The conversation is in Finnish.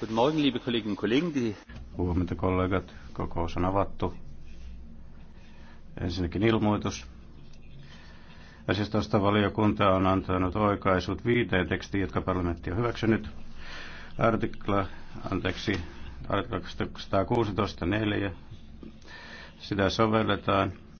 Guten Morgen, liebe Kolleginnen und Kollegen. Huomenta kollegat, kokous on avattu. Ensinnäkin ilmoitus. Asiasta valiokunta on antanut oikaisut viiteen tekstiin, jotka parlamentti on hyväksynyt. Artikla, anteeksi, artikla 216.4. Sitä sovelletaan